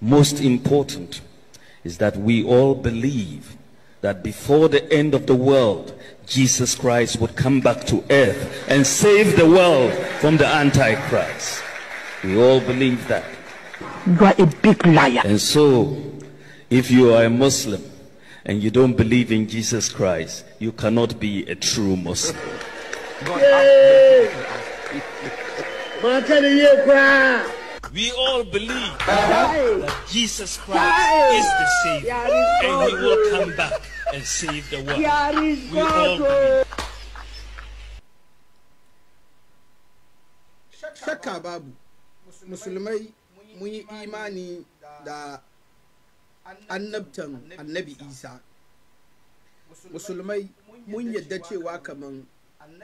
Most important is that we all believe that before the end of the world, Jesus Christ would come back to earth and save the world from the Antichrist. We all believe that. You are a big liar. And so, if you are a Muslim and you don't believe in Jesus Christ, you cannot be a true Muslim. Yay! We all believe that Jesus Christ is the Savior and He will come back and save the world. We all believe. Shakka babu, musulmai mun yi imani da annabtan annabi Isa. Musulmai mun yadda cewa kaman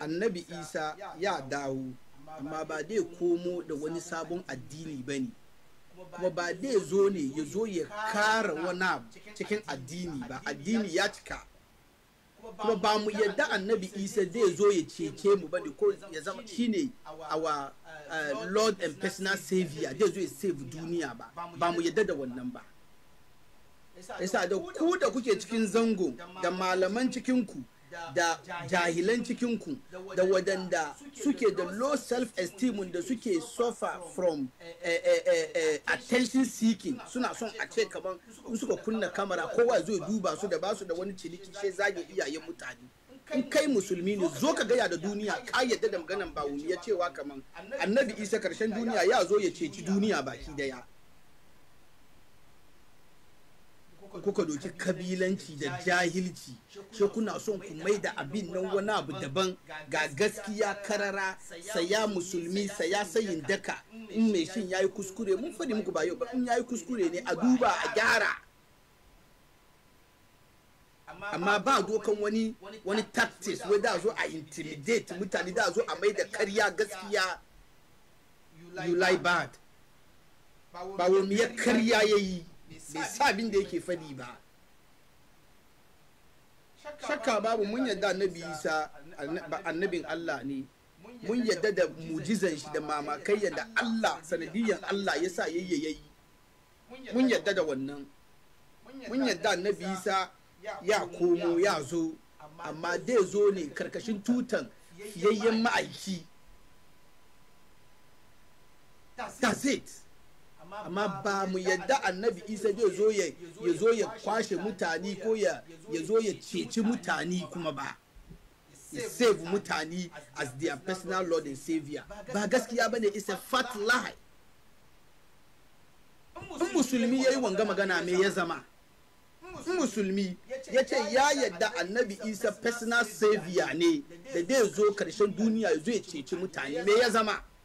annabi Isa ya dawo. amma ba dai komo da wani sabon addini ba ne kuma ba dai zo ne ya zo ya kara wani cikin addini ba addini ya cika kuma ba mu yadda annabi isa zai zo ya cece mu ba ne ko ya zama shi our uh, lord and personal savior zai zo ya save duniya ba ba mu yadda da wannan ba yasa da ku da kuke cikin zango da malaman cikin ku da jahilan cikinku da wadanda suke da low self-esteem da suke suffer from attention seeking suna son a ce kaman in suka kunna kamera kowa zai duba su da basu da wani ciniki sai zage iyayen mutane in kai musulmi ne zo ka gaya da duniya ka yadda da maganan ba ya cewa kaman annabi isa karshen duniya ya zo ya ceci duniya baki daya kuka doki kabilanci da jahilci shi kuna son ku mai da abin nan wani abu daban ga gaskiya karara saya musulmi saya sayin daka in mai shin yayi kuskure mun faɗi muku ba yau ba in yayi kuskure ne a duba a gyara amma ba dokan wani wani tactics wai da zo a intimidate mutane da zo a mai da karya gaskiya you lie bad ba wani ya karya yayi bai sa abin da yake fadi ba shakka babu mun yadda annabi isa annabin allah ne mun yadda da mujizan shi da mamakai da allah sanadiyan allah ya sa yayyayi mun yadda da wannan mun yadda annabi isa ya komo ya zo amma dai zo ne karkashin tutan yayyen ma'aiki that's it amma ba mu yadda annabi isa zai zo ya zo ya kwashe mutane ko ya zo ya ceci mutane kuma ba ya save mutane as their personal lord and savior ba gaskiya ba ne isa fat lie in musulmi ya yi wanga magana me ya zama in musulmi ya ce ya yadda annabi isa personal savior ne da zai zo karshen duniya ya zo ya ceci mutane me ya zama